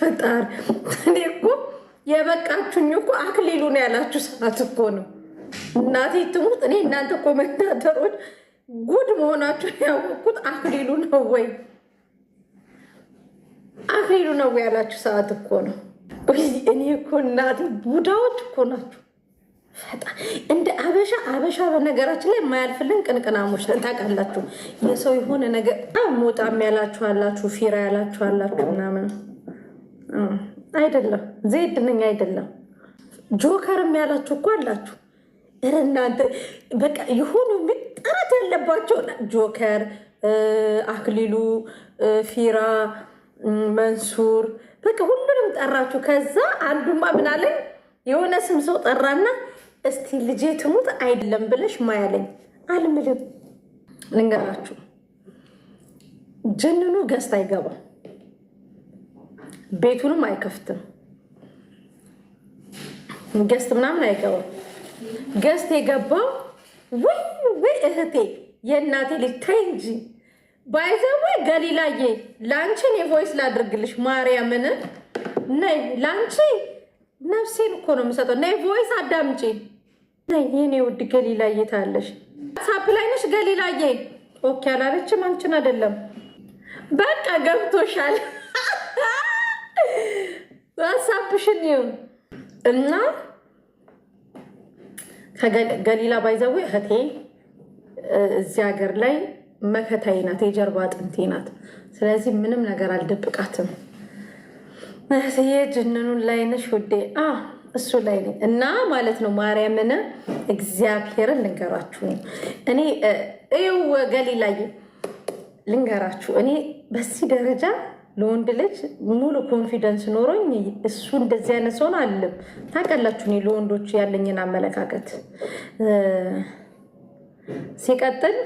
ፈጣሪ እኔ እኮ የበቃችሁኝ እኮ አክሊሉ ነው ያላችሁ ሰዓት እኮ ነው። እናቴ ትሙት እኔ እናንተ ኮመንታተሮች ጉድ መሆናችሁን ያወቅኩት አክሊሉ ነው ወይ አክሊሉ ነው ያላችሁ ሰዓት እኮ ነው። እኔ እኮ እናቴ ቡዳዎች እኮ ናችሁ። እንደ አበሻ አበሻ በነገራችን ላይ የማያልፍልን ቅንቅናሞች ታውቃላችሁ። የሰው የሆነ ነገር ሞጣም ያላችኋላችሁ፣ ፊራ ያላችኋላችሁ ምናምን አይደለም ዜድ ነኝ አይደለም ጆከርም ያላችሁ እኮ አላችሁ። እናንተ በቃ የሆኑ ጥረት ያለባቸው ጆከር፣ አክሊሉ፣ ፊራ፣ መንሱር በቃ ሁሉንም ጠራችሁ። ከዛ አንዱማ ምን አለኝ የሆነ ስም ሰው ጠራና እስቲ ልጄ ትሙት አይደለም ብለሽ ማያለኝ አልምልም። ልንገራችሁ ጀንኑ ገስት አይገባም። ቤቱንም አይከፍትም። ገስት ምናምን አይገባም። ገስት የገባው ወይ ወይ እህቴ የእናቴ ልጅ ተይ እንጂ ባይዘወ ገሊላዬ ላንቺን የቮይስ ላድርግልሽ ማርያምን ነይ ላንቺ ነፍሴን እኮ ነው የምሰጠው። ነይ ቮይስ አዳምጪ። ነይ የኔ ውድ ገሊላዬ ታለሽ ሳፕ ላይ ነሽ ገሊላዬ። ኦኬ አላለችም። አንቺን አይደለም በቃ ገብቶሻል። በሀሳብሽን ይሁን እና ከገሊላ ባይዘዊ እህቴ እዚህ ሀገር ላይ መከታዬ ናት፣ የጀርባ አጥንቴ ናት። ስለዚህ ምንም ነገር አልደብቃትም። ይሄ ጅንኑን ላይ ነሽ ውዴ፣ እሱ ላይ ነኝ እና ማለት ነው። ማርያምን እግዚአብሔርን ልንገራችሁ እኔ ይው ገሊላዬ ልንገራችሁ እኔ በዚህ ደረጃ ለወንድ ልጅ ሙሉ ኮንፊደንስ ኖሮኝ እሱ እንደዚህ አይነት ሰውን አለም። ታውቃላችሁ እኔ ለወንዶች ያለኝን አመለካከት። ሲቀጥል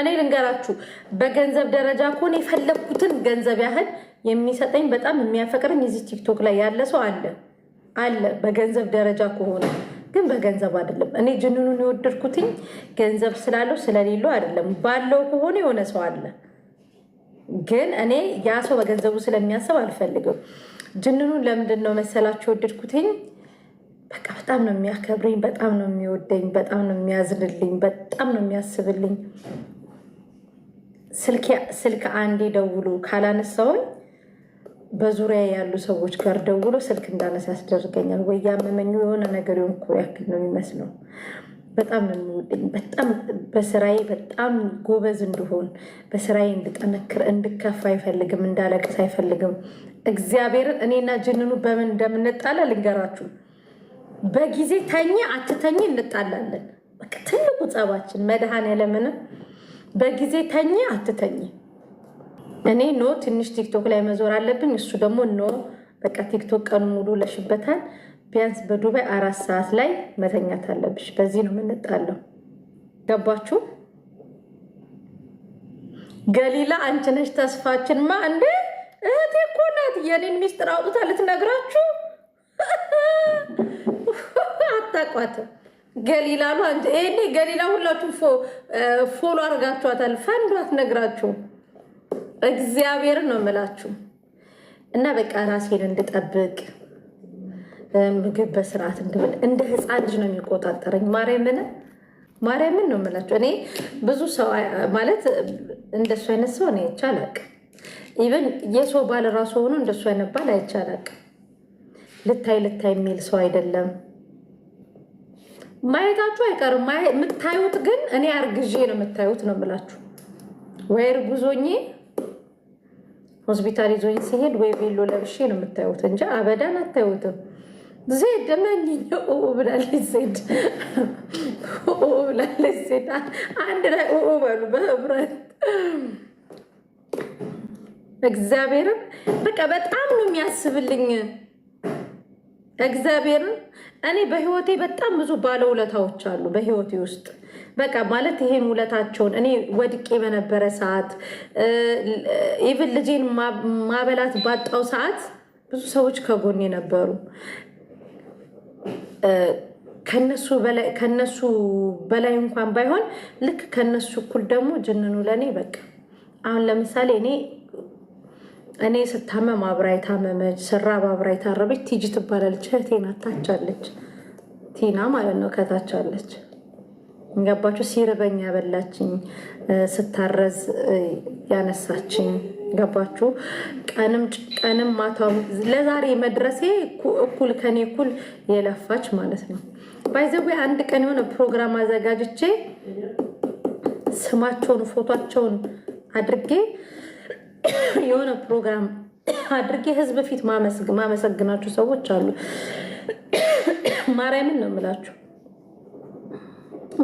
እኔ ልንገራችሁ፣ በገንዘብ ደረጃ ከሆነ የፈለግኩትን ገንዘብ ያህል የሚሰጠኝ በጣም የሚያፈቅረኝ እዚህ ቲክቶክ ላይ ያለ ሰው አለ አለ። በገንዘብ ደረጃ ከሆነ ግን በገንዘብ አይደለም። እኔ ጅንኑን የወደድኩትኝ ገንዘብ ስላለው ስለሌለው አይደለም። ባለው ከሆነ የሆነ ሰው አለ ግን እኔ ያ ሰው በገንዘቡ ስለሚያስብ አልፈልግም። ጅንኑን ለምንድን ነው መሰላችሁ የወደድኩትኝ? በቃ በጣም ነው የሚያከብረኝ፣ በጣም ነው የሚወደኝ፣ በጣም ነው የሚያዝንልኝ፣ በጣም ነው የሚያስብልኝ። ስልክ አንዴ ደውሎ ካላነሳውኝ በዙሪያ ያሉ ሰዎች ጋር ደውሎ ስልክ እንዳነሳ ያስደርገኛል። ወይ ያመመኝ የሆነ ነገር የሆንኩ ያክል ነው የሚመስለው። በጣም ነው የሚወደኝ። በጣም በስራዬ በጣም ጎበዝ እንድሆን በስራዬ እንድጠነክር እንድከፍ አይፈልግም፣ እንዳለቅስ አይፈልግም። እግዚአብሔርን እኔና ጅንኑ በምን እንደምንጣላ ልንገራችሁ። በጊዜ ተኝ አትተኝ እንጣላለን። ትልቁ ጸባችን መድኃኔዓለምን በጊዜ ተኝ አትተኝ። እኔ ኖ ትንሽ ቲክቶክ ላይ መዞር አለብኝ፣ እሱ ደግሞ ኖ በቃ ቲክቶክ ቀኑ ሙሉ ለሽበታል ቢያንስ በዱባይ አራት ሰዓት ላይ መተኛት አለብሽ። በዚህ ነው የምንጣለው። ገባችሁ? ገሊላ አንቺ ነሽ ተስፋችንማ። እንደ እህቴ እኮ ናት። የኔን ሚስጥር አውጥታ ልትነግራችሁ አታቋትም። ገሊላ ነው አንቺ። ይሄኔ ገሊላ ሁላችሁ ፎሎ አድርጋችኋታል። ፈንዱ አትነግራችሁ። እግዚአብሔር ነው የምላችሁ እና በቃ ራሴን እንድጠብቅ ምግብ በስርዓት እንድብል እንደ ህፃን ልጅ ነው የሚቆጣጠረኝ። ማርያምን ማርያምን ነው የምላቸው። እኔ ብዙ ሰው ማለት እንደሱ አይነት ሰው እኔ አይቼ አላቅም። ኢቨን የሰው ባል ራሱ ሆኖ እንደሱ አይነት ባል አይቼ አላቅም። ልታይ ልታይ የሚል ሰው አይደለም። ማየታችሁ አይቀርም የምታዩት ግን እኔ አርግዤ ነው የምታዩት ነው የምላችሁ። ወይ እርጉዞኜ ሆስፒታል ይዞኝ ሲሄድ ወይ ቤሎ ለብሼ ነው የምታዩት እንጂ አበዳን አታዩትም። ዜድ ማንኛው ብላለች። ዜድ ብላለች። ዜድ አንድ ላይ በሉ በህብረት በቃ በጣም ነው የሚያስብልኝ። እግዚአብሔርን እኔ በህይወቴ በጣም ብዙ ባለውለታዎች አሉ በህይወቴ ውስጥ በቃ ማለት ይሄን ውለታቸውን እኔ ወድቄ በነበረ ሰዓት ኢቭን ልጄን ማበላት ባጣው ሰዓት ብዙ ሰዎች ከጎኔ ነበሩ። ከነሱ በላይ እንኳን ባይሆን ልክ ከነሱ እኩል ደግሞ ጅንኑ ለእኔ በቃ አሁን ለምሳሌ እኔ እኔ ስታመም አብራ ታመመች ስራብ አብራ ታረበች። ቲጂ ትባላለች። ቴና ታቻለች ቲና ማለት ነው። ከታች አለች ገባችሁ? ሲርበኝ ያበላችኝ፣ ስታረዝ ያነሳችኝ ገባችሁ? ቀንም ማታ ለዛሬ መድረሴ እኩል ከኔ እኩል የለፋች ማለት ነው። ባይዘዊ አንድ ቀን የሆነ ፕሮግራም አዘጋጅቼ ስማቸውን ፎቷቸውን አድርጌ የሆነ ፕሮግራም አድርጌ ህዝብ ፊት ማመሰግናችሁ ሰዎች አሉ። ማርያምን ነው የምላችሁ።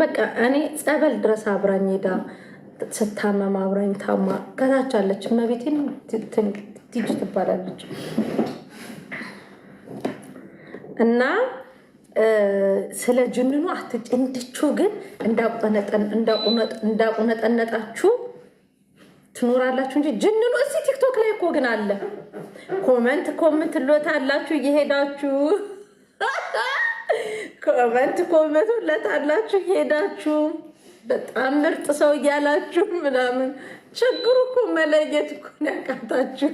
በቃ እኔ ጸበል ድረስ አብራኝ ሄዳ ስታመማ አብራኝ ታማ ከታች አለች። እመቤቴን ቲጂ ትባላለች እና ስለ ጅንኑ እንድቹ ግን እንዳቁነጠነጣችሁ ትኖራላችሁ እንጂ ጅንኑ እዚህ ቲክቶክ ላይ እኮ ግን አለ። ኮመንት ኮመንት ሎታ አላችሁ እየሄዳችሁ ኮመንት ኮመንት ሎታ አላችሁ በጣም ምርጥ ሰው እያላችሁ ምናምን ችግሩ እኮ መለየት እኮ ያቃታችሁ።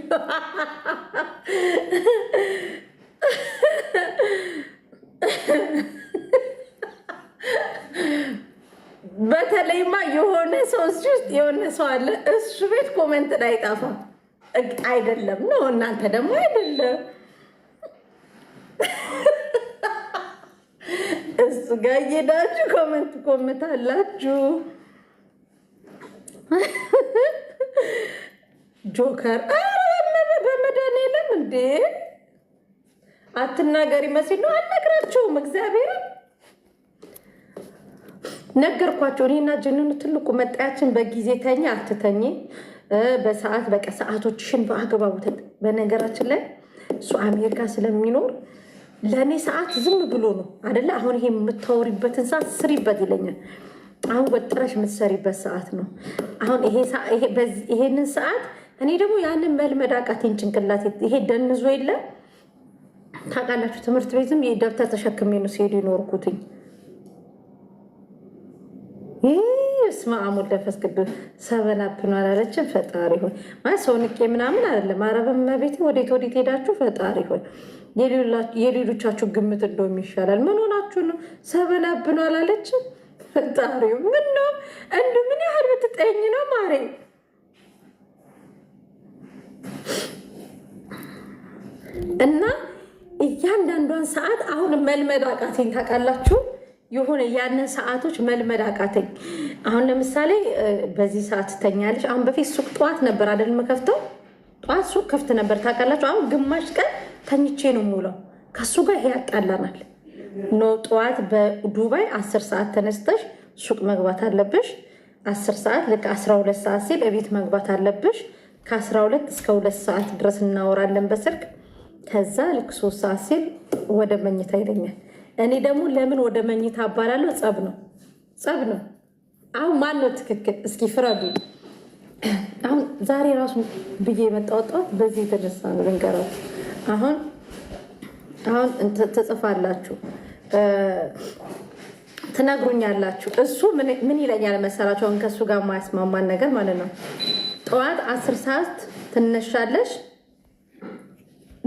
በተለይማ የሆነ ሰው እዚህ ውስጥ የሆነ ሰው አለ፣ እሱ ቤት ኮመንት ላይ አይጠፋም። አይደለም ነው እናንተ ደግሞ አይደለም እሱ ጋር እየሄዳችሁ ኮመንት ኮምታላችሁ። ጆከር አረ በመድኃኒዓለም እንዴ አትናገሪ መሲል ነው። አልነግራቸውም። እግዚአብሔር ነገርኳቸው። እኔና ጀንኑ ትልቁ መጣያችን በጊዜ ተኝ አትተኝ፣ በሰዓት በቀ ሰዓቶችሽን በአግባቡ። በነገራችን ላይ እሱ አሜሪካ ስለሚኖር ለእኔ ሰዓት ዝም ብሎ ነው አደለ? አሁን ይሄ የምታወሪበትን ሰዓት ስሪበት ይለኛል። አሁን ወጥረሽ የምትሰሪበት ሰዓት ነው። አሁን ይሄንን ሰዓት እኔ ደግሞ ያንን መልመድ አቃቴን። ጭንቅላት ይሄ ደንዞ የለ ታውቃላችሁ። ትምህርት ቤትም ደብተር ተሸክሜ ነው ሲሄዱ ይኖርኩትኝ። ስማ አሙል ለፈስ ቅዱስ ሰበናፕን አላለችን። ፈጣሪ ሆይ ማለት ሰውንቄ ምናምን አይደለም። አረበመቤቴ ወዴት ወዴት ሄዳችሁ ፈጣሪ ሆይ የሌሎቻችሁ ግምት እንደውም ይሻላል። ምን ሆናችሁ ነው? ሰበናብን አላለችም። ፈጣሪው ምን ነው እንዱ ምን ያህል ብትጠኝ ነው ማሬ እና እያንዳንዷን ሰዓት አሁን መልመድ አቃተኝ። ታውቃላችሁ የሆነ ያንን ሰዓቶች መልመድ አቃተኝ። አሁን ለምሳሌ በዚህ ሰዓት ትተኛለች። አሁን በፊት ሱቅ ጠዋት ነበር አደል መከፍተው ጠዋት ሱቅ ክፍት ነበር ታውቃላችሁ። አሁን ግማሽ ቀን ተኝቼ ነው ሙለው ከሱ ጋር ይሄ ያጣላናል። ኖ ጠዋት በዱባይ አስር ሰዓት ተነስተሽ ሱቅ መግባት አለብሽ። አስር ሰዓት ልክ አስራ ሁለት ሰዓት ሲል እቤት መግባት አለብሽ። ከአስራ ሁለት እስከ ሁለት ሰዓት ድረስ እናወራለን በስልክ ከዛ ልክ ሶስት ሰዓት ሲል ወደ መኝታ ይለኛል። እኔ ደግሞ ለምን ወደ መኝታ አባላለሁ? ጸብ ነው ጸብ ነው። አሁን ማን ነው ትክክል? እስኪ ፍረዱ። አሁን ዛሬ ራሱ ብዬ የመጣወጣት በዚህ የተነሳ ነው ልንገራችሁ አሁን አሁን ትጽፋላችሁ ትነግሩኛላችሁ። እሱ ምን ይለኛል መሰላችሁ? አሁን ከእሱ ጋር የማያስማማን ነገር ማለት ነው። ጠዋት አስር ሰዓት ትነሻለሽ፣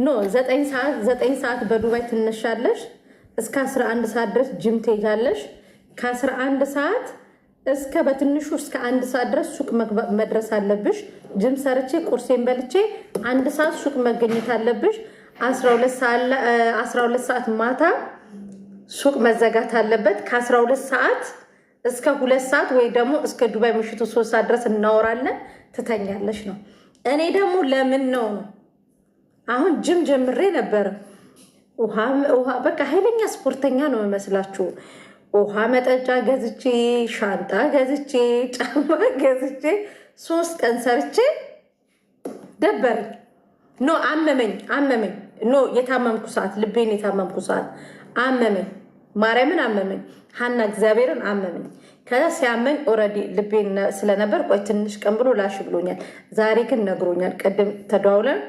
ኖ ዘጠኝ ሰዓት ዘጠኝ ሰዓት በዱባይ ትነሻለሽ፣ እስከ 11 ሰዓት ድረስ ጅም ትሄጃለሽ፣ ከ11 ሰዓት እስከ በትንሹ እስከ አንድ ሰዓት ድረስ ሱቅ መድረስ አለብሽ። ጅም ሰርቼ ቁርሴን በልቼ አንድ ሰዓት ሱቅ መገኘት አለብሽ። 12 ሰዓት ማታ ሱቅ መዘጋት አለበት። ከ12 ሰዓት እስከ ሁለት ሰዓት ወይ ደግሞ እስከ ዱባይ ምሽቱ ሶስት ሰዓት ድረስ እናወራለን፣ ትተኛለች ነው። እኔ ደግሞ ለምን ነው አሁን ጅም ጀምሬ ነበር። በቃ ኃይለኛ ስፖርተኛ ነው የመስላችሁ። ውሃ መጠጫ ገዝቼ፣ ሻንጣ ገዝቼ፣ ጫማ ገዝቼ ሶስት ቀን ሰርቼ ደበረኝ። ኖ አመመኝ አመመኝ። ኖ የታመምኩ ሰዓት ልቤን የታመምኩ ሰዓት አመመኝ፣ ማርያምን አመመኝ፣ ሀና እግዚአብሔርን አመመኝ። ከዛ ሲያመኝ ኦልሬዲ ልቤን ስለነበር ቆይ ትንሽ ቀን ብሎ ላሽ ብሎኛል። ዛሬ ግን ነግሮኛል። ቅድም ተደዋውለን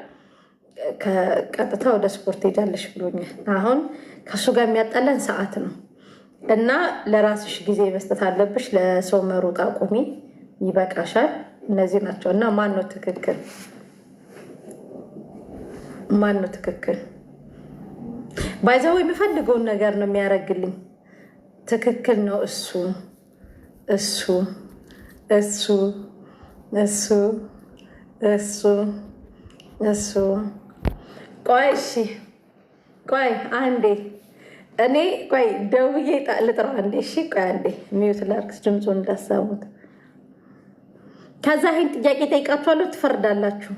ቀጥታ ወደ ስፖርት ሄዳለሽ ብሎኛል። አሁን ከእሱ ጋር የሚያጣለን ሰዓት ነው እና ለራስሽ ጊዜ መስጠት አለብሽ። ለሰው መሮጥ አቁሚ፣ ይበቃሻል። እነዚህ ናቸው እና ማን ነው ትክክል? ማን ነው ትክክል? ባይዛው የሚፈልገውን ነገር ነው የሚያደርግልኝ። ትክክል ነው እሱ እሱ እሱ እሱ እሱ እሱ። ቆይ እሺ፣ ቆይ አንዴ እኔ ቆይ ደውዬ ልጥራው አንዴ። እሺ፣ ቆይ አንዴ ሚዩት ላርክስ ድምፁን እንዳሰሙት። ከዛ ይህን ጥያቄ ጠይቃችኋለሁ፣ ትፈርዳላችሁ።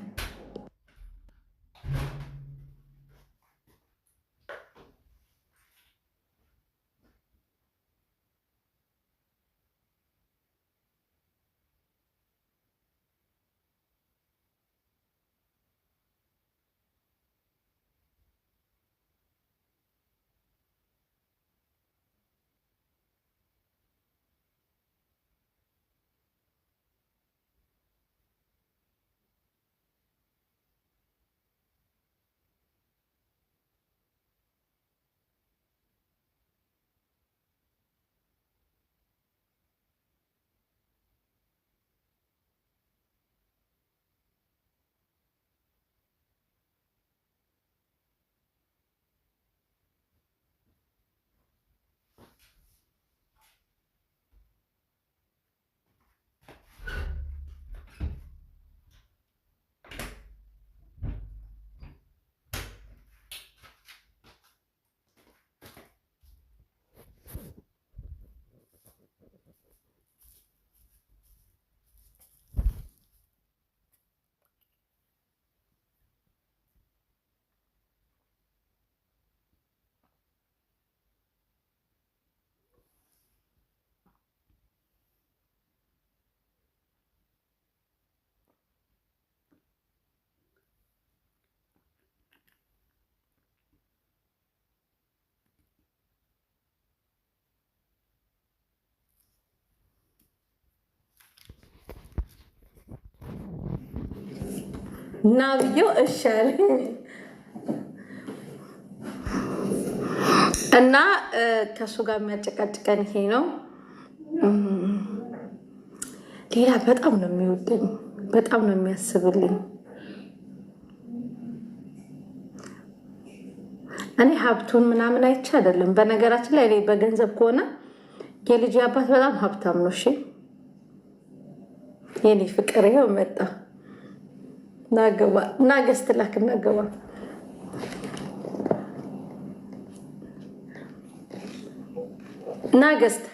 እና ብዬው እሺ አለኝ እና ከእሱ ጋር የሚያጨቃጭቀን ይሄ ነው። ሌላ በጣም ነው የሚወደኝ፣ በጣም ነው የሚያስብልኝ። እኔ ሀብቱን ምናምን አይቼ አይደለም። በነገራችን ላይ እኔ በገንዘብ ከሆነ የልጅ አባት በጣም ሀብታም ነው። እሺ የኔ ፍቅር ይኸው መጣ። ናገባ ናገስት ላክ ናገባ ናገስት